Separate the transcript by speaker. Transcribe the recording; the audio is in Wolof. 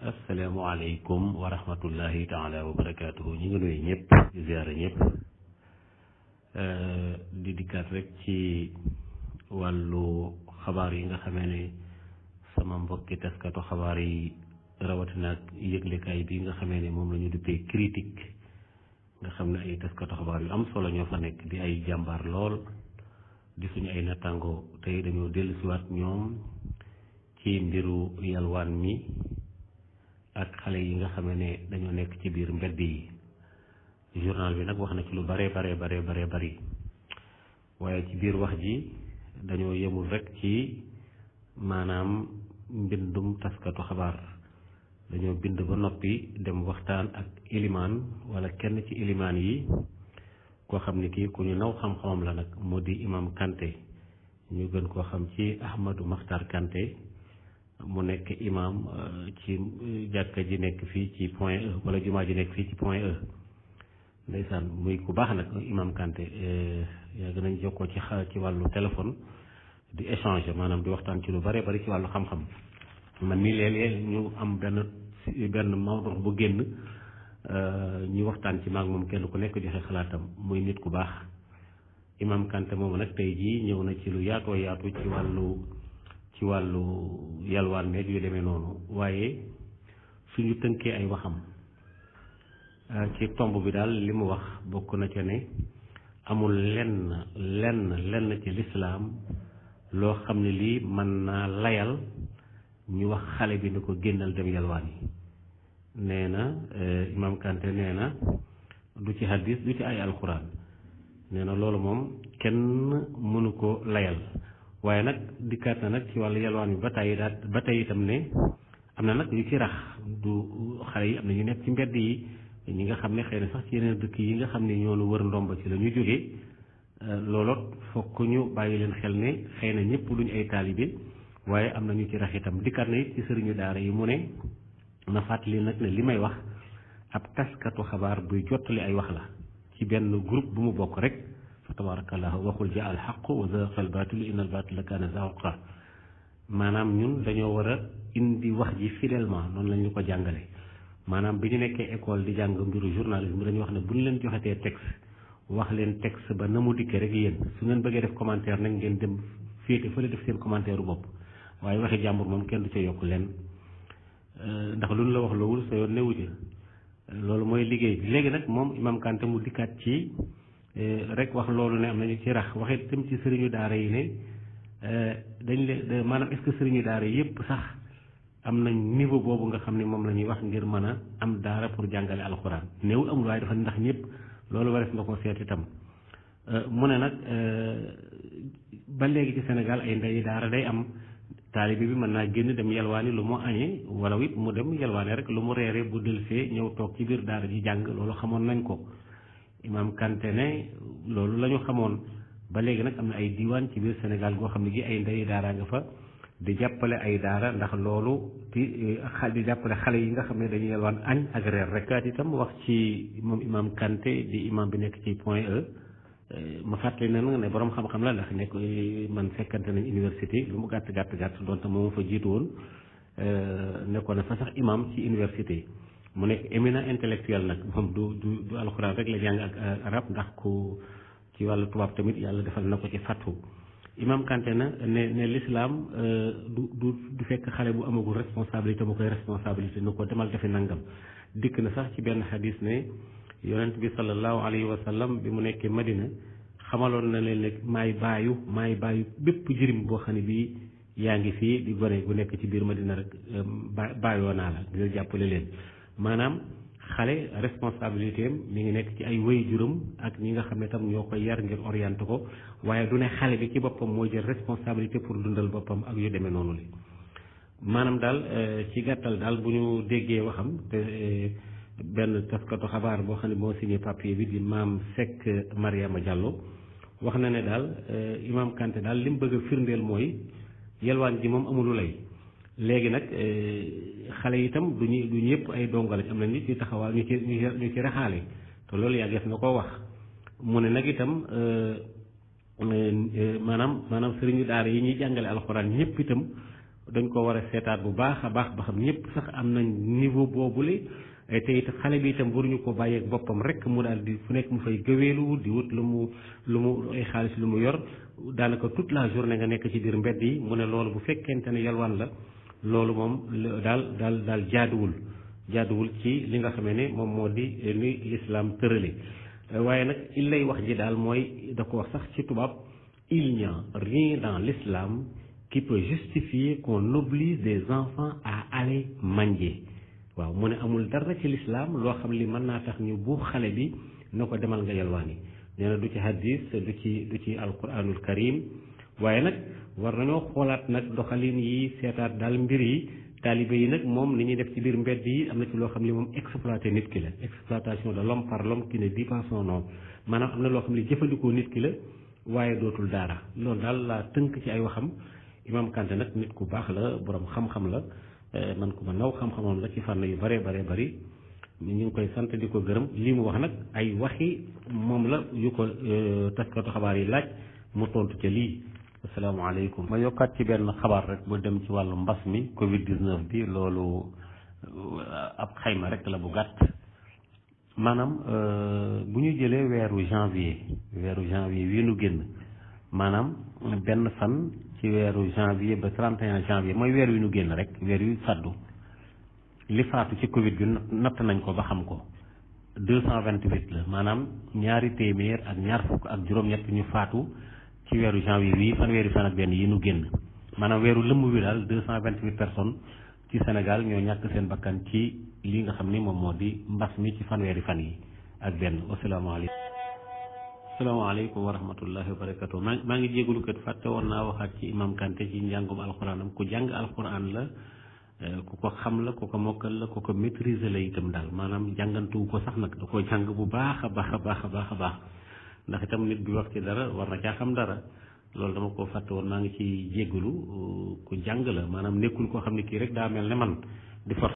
Speaker 1: asalaamaaleykum wa rahmatullahi taala wa barakaatuhu ñu ngi nuyu ñëpp di ziara ñëpp eh, di dikkaat rek ci wàllu xabaar yi nga xamee ne sama mbokki taskatu xabaar yi rawatina ak yëglekaay bi nga xamee ne moom lañu ñu duppee critique nga xam ne ay taskatu xabaar yu am solo ñoo fa nekk di ay jàmbaar lool di suñu ay nattango tey dañoo dellusiwaat ñoom ci mbiru yalwaan mi ak xale yi nga xam ne dañoo nekk ci biir mbedd yi journal bi nag wax na ci lu bare bare bare bare bari waaye ci biir wax ji dañoo yemul rekk ci maanaam mbindum taskatu xabaar dañoo bind ba noppi dem waxtaan ak ilimaan wala kenn ci ilimaan yi koo xam ne kii ku ñu naw xam-xamam la nag moo di imam Kanté ñu gën koo xam ci Ahmadou Makhtar Kanté mu nekk imam euh, ci jàkka ji nekk fii ci point E wala jumaa ji nekk fii ci point E ndeysaan muy ku baax nag imam Kanté euh, yàgg nañ jokkoo ci ci wàllu téléphone di échanger maanaam di waxtaan ci lu bare bari ci wàllu xam-xam man mii léeg-léeg ñu am benn benn mawdu bu génn euh, ñu waxtaan ci maag moom kenn ku nekk joxe xalaatam muy nit ku baax imam Kanté moomu nag tey jii ñëw na ci lu yaatoo yaatu ci wàllu ci wàllu yalwaan meeg yu demee noonu waaye suñu tënkee ay waxam ah, ci tomb bi daal li mu wax bokk na ca ne amul lenn lenn lenn ci lislaam loo xam ne lii mën naa layal ñu wax xale bi ni ko génnal dem yalwaan yi nee na eh, Imam Kanté nee na du ci hadis du ci ay alxuraan nee na loolu moom kenn mënu ko layal waaye nag dikkaat na nag ci wàllu yalwaan bi ba tey daal ba tey itam ne am na nag yu ci rax du xale yi am na ñu nekk ci mbedd yi ñi nga xam ne xëy na sax ci yeneen dëkk yi nga xam ne ñoo lu wër ndomba ci la ñu jógee euh, looloot fokk ñu bàyyi leen xel ne xëy na ñëpp duñ ay taalibe waaye am na ñu ci rax itam dikkaat na it ci sëriñu daara yi mu ne na fàttali nag ne li may wax ab taskatu xabaar buy jottali ay wax la ci benn groupe bu mu bokk rek fa tabarakallah waxul ja al xaqu wa dañoo war a wax ji fidèlement noonu lañu ko jàngale maanaam bi ñu nekkee école di jàng mbiru journalisme dañu wax ne bu ñu leen joxetee texte wax leen texte ba na mu dikkee rek yéen su ngeen bëggee def commentaire nag ngeen dem féete fële seen commentaire bopp waaye waxi jàmbur moom kenn du ca yokk leen euh, ndax lu ñu la wax loowul sa yoon newu loolu mooy liggéey léegi nag moom Imam Kanté mu dikkaat ci Eh, rek wax loolu ne am nañu ci rax wax itam ci sëriñu daara yi ne eh, dañ leen maanaam est sëriñu daara yépp sax am nañ niveau boobu nga xam ne moom la ñuy wax ngir mën a am daara pour jàngale alxuraan néew amul waaye dafa ndax ñëpp loolu warees na ko seet itam eh, mu ne nag ba léegi ci senegal ay ndey daara day am taalibe bi mën naa génn dem yalwaani lu mu añee wala it mu dem yalwaani rek lu mu reeree bu dëlsee ñëw toog ci biir daara ji jàng loolu xamoon nañ ko imaam Kanté ne loolu lañu xamoon ba léegi nag am na ay diwaan ci biir Sénégal goo xam ne gi ay ndey daara nga fa di jàppale ay daara ndax loolu di eh, di jàppale xale yi nga xam ne dañuy yelwaan añ ak reer rek. kaat itam wax ci moom imaam Kanté di imaam bi nekk ci point E eh, ma fàttali na nga ne borom xam-xam la ndax nekk eh, man fekkante nañ université lu mu gàtt gàtt gàtt donte moo fa jiitu woon nekkoon na fa sax imaam ci université. mu nekk éminent intellectuel nag moom du du du alxuraan rek la jàng ak arab ndax ku ci wàll tubaab tamit yàlla defal na ko ci fàttu imam Kanté na ne ne l'islam euh, du du du fekk xale bu amagul responsabilité bu koy responsabilité nu ko demal defi nangam dikk na sax ci benn xadis ne yonent bi sallallahu alayhi wa bi mu nekkee Madina xamaloon na leen ne maay baayu maay baayu bépp jirim boo xam ne bii yaa ngi fii di gone bu nekk ci biir Madina rek euh, baayoo naa la ngir jàppale leen maanaam xale responsabilité mi ngi nekk ci ay wéy juróom ak ñi nga xam ne tam ñoo koy yar ngir orienté ko waaye du ne xale bi ci boppam mooy jël responsabilité pour dundal boppam ak yu demee noonu li maanaam daal euh, ci gàttal daal bu ñu déggee waxam te euh, benn taskatu xabaar boo xam ne moo signé papier bi di maam Seck Mariama Diallo wax na ne daal euh, Imam Kanté daal li mu bëgg a firndeel mooy yelwaan ji moom amulu lay léegi nag euh, xale yi itam du ñu du ñu yëpp ay dongale am na ñu ci taxawaa ñu ci ñu ci raxaale te loolu yàggeef na koo wax mu ne nag itam euh, euh, maanaam maanaam sëriñu daara yi ñuy jàngale alxuraan ñëpp itam dañ ko war a seetaat bu baax a baax ba xam ñëpp sax am nañ niveau boobule te xale bi itam waruñu ko bàyyeeg boppam rek mu daal di fu nekk mu fay gëweelu di wut lu mu lu mu ay xaalis lu mu yor daanaka toute la journée nga nekk ci biir mbedd yi mu ne loolu bu fekkente ne yalwaan la loolu moom daal daal daal jaaduwul jaaduwul ci li nga xamee ne moom moo di ni lislaam tërale waaye nag il lay wax ji daal mooy da ko wax sax ci tubaab il n'y a rien dans l'islam qui peut justifier qu'on oblige des enfants à aller manger waaw mu ne amul dara ci lislaam loo xam li mën naa tax ñu bu xale bi na ko demal nga yalwaani nee na du ci hadis du ci du ci alquranul karim waaye nag war nañoo xoolaat nag doxalin yi seetaat daal mbir yi taalibe yi nag moom li ñuy def ci biir mbedd yi am na ci loo xam ne moom exploité nit ki la exploitation de l'homme par l'homme qui ne dit pas son nom maanaam am na loo xam ne jëfandikoo nit ki la waaye dootul daara loolu daal laa tënk ci ay waxam Imam Kanté nag nit ku baax la borom xam-xam la eh, man ku naw xam-xamam la ci fànn yu bare bare bari ni ñu ngi koy sant di ko gërëm lii mu wax nag ay waxi moom la yu ko eh, taskatu xabaar yi laaj mu lii asalaamaaleykum ma yokkat ci benn xabaar rek bu dem ci wàllu mbas mi Covid 19 bi loolu euh, ab xayma rek la bu gàtt maanaam euh, bu ñu jëlee weeru janvier weeru janvier wii nu génn maanaam benn fan ci weeru janvier ba 31 janvier mooy weer wi nu génn rek weer wi faddu li faatu ci Covid bi natt nañ ko ba xam ko 228 la maanaam ñaari téeméer ak ñaar fukk ak juróom-ñett ñu faatu. ci weeru janvier bi fanweeri fan ak benn yi nu génn maanaam weeru lëmm wi daal deux cent vingt huit personnes ci Sénégal ñoo ñàkk seen bakkan ci lii nga xam ni moom moo di mbas mi ci fanweeri fan yi ak benn asalaamaaleykum. asalaamaaleykum wa rahmatullahi wa barakatu maa maa ngi jégalu kat fàtte woon naa waxaat ci imam Kanté ci njàngum alxuraanam ku jàng alxuraan la eh, ku ko xam la ku ko mokkal la ku ko maîtriser la itam daal maanaam jàngantuwu ko sax nag da koo jàng bu baax a baax a baax a baax a baax. ndax itam nit buy wax ci dara war na caa xam dara loolu dama koo fàtte woon maa ngi ci jéggalu ku jàng la maanaam nekkul koo xam ne kii rek daa mel ne man di for